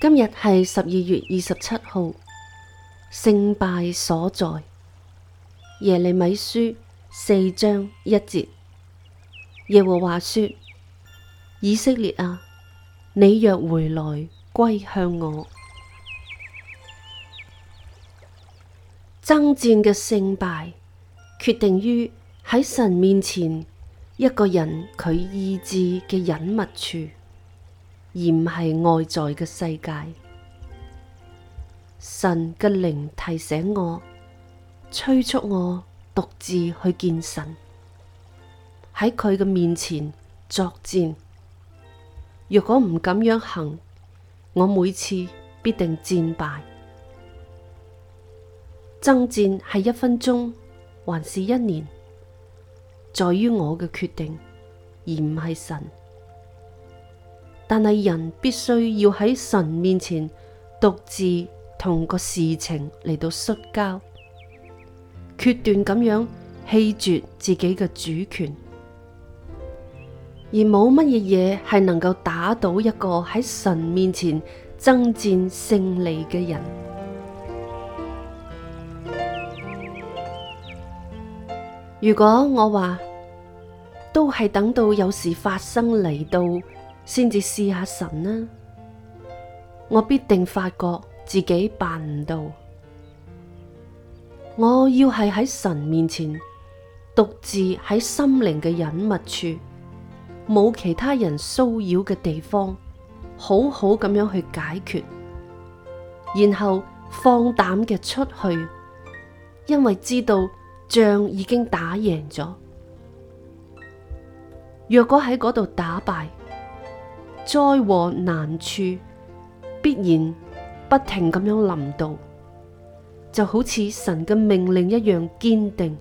今日係十二月二十七號，勝敗所在。耶利米書四章一節，耶和華說：以色列啊，你若回來歸向我，爭戰嘅勝敗決定於喺神面前一個人佢意志嘅隱密處。而唔係外在嘅世界，神嘅靈提醒我，催促我獨自去見神，喺佢嘅面前作戰。若果唔咁樣行，我每次必定戰敗。爭戰係一分鐘，還是一年？在於我嘅決定，而唔係神。但係人必須要喺神面前獨自同個事情嚟到摔跤，決斷咁樣棄絕自己嘅主權，而冇乜嘢嘢係能夠打倒一個喺神面前爭戰勝利嘅人。如果我話，都係等到有事發生嚟到。先至試下神啦，啊，我必定發覺自己辦唔到。我要係喺神面前，獨自喺心靈嘅隱密處，冇其他人騷擾嘅地方，好好咁樣去解決，然後放膽嘅出去，因為知道仗已經打贏咗。若果喺嗰度打敗，災禍難處必然不停咁樣臨到，就好似神嘅命令一樣堅定。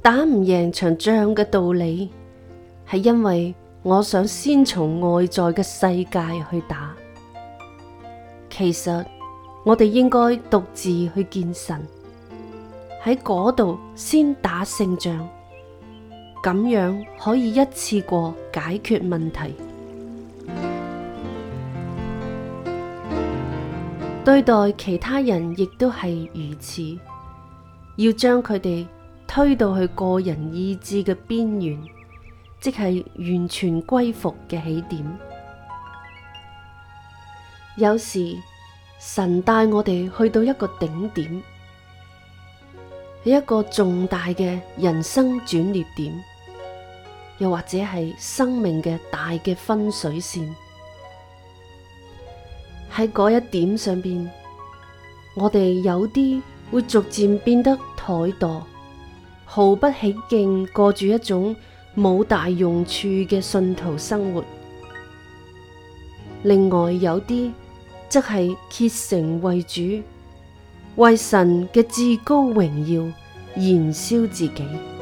打唔贏場仗嘅道理，係因為我想先從外在嘅世界去打。其實我哋應該獨自去見神，喺嗰度先打勝仗。咁樣可以一次過解決問題，對待其他人亦都係如此，要將佢哋推到去個人意志嘅邊緣，即係完全歸服嘅起點。有時神帶我哋去到一個頂點，一個重大嘅人生轉捩點。又或者係生命嘅大嘅分水線，喺嗰一點上邊，我哋有啲會逐漸變得怠惰，毫不起敬過住一種冇大用處嘅信徒生活。另外有啲則係竭誠為主、為神嘅至高榮耀燃燒自己。